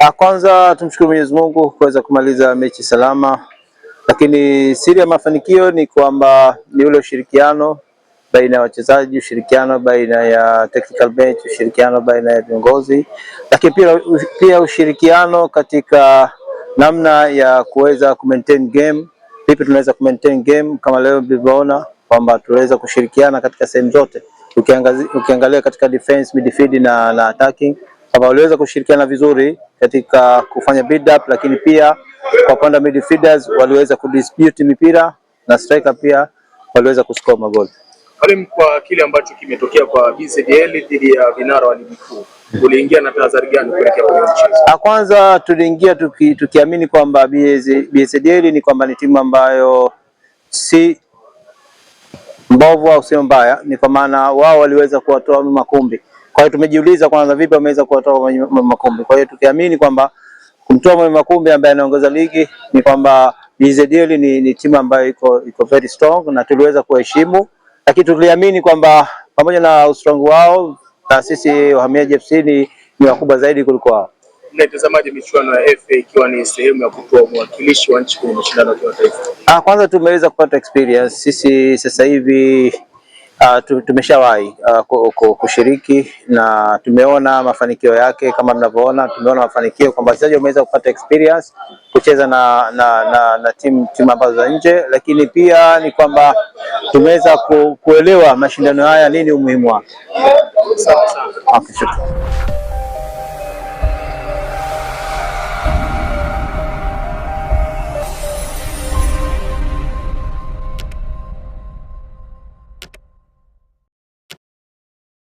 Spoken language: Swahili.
Ah, kwanza tumshukuru Mwenyezi Mungu kuweza kumaliza mechi salama, lakini siri ya mafanikio ni kwamba ni ule ushirikiano baina ya wachezaji, ushirikiano baina ya technical bench, ushirikiano baina ya viongozi, lakini pia, pia ushirikiano katika namna ya kuweza maintain game. Vipi tunaweza maintain game kama leo mlivyoona kwamba tunaweza kushirikiana katika sehemu zote, ukiangalia katika defense, midfield na, na attacking kwamba waliweza kushirikiana vizuri katika kufanya build up, lakini pia kwa upande midfielders waliweza kudispute mipira na striker pia waliweza kuscore magoli. Karim, kwa kile ambacho kimetokea kwa BCDL dhidi ya vinara wa ligi kuu, uliingia na tahadhari gani kuelekea kwenye mchezo? Ah, kwanza tuliingia tuki, tukiamini kwamba BCDL ni kwamba ni timu ambayo si mbovu au sio mbaya, ni kwa maana wao waliweza kuwatoa makumbi kwa hiyo tumejiuliza kwanza, vipi wameweza kuwatoa Makumbi? Kwa hiyo tukiamini kwamba kumtoa Makumbi ambaye anaongoza ligi ni kwamba BZL ni, ni timu ambayo iko iko very strong na tuliweza kuheshimu, lakini tuliamini kwamba pamoja na ustrong wao na sisi Wahamiaji FC ni, ni wakubwa zaidi kuliko wao. Mnaitazamaje michuano ya FA ikiwa ni sehemu ya kutoa mwakilishi wa nchi kwenye mashindano ya kimataifa? Ah, kwanza tumeweza kupata experience sisi sasa hivi Uh, tumeshawahi uh, kushiriki na tumeona mafanikio yake kama mnavyoona, tumeona mafanikio kwamba wachezaji wameweza kupata experience kucheza na, na, na, na timu timu ambazo za nje, lakini pia ni kwamba tumeweza ku, kuelewa mashindano haya nini umuhimu wake.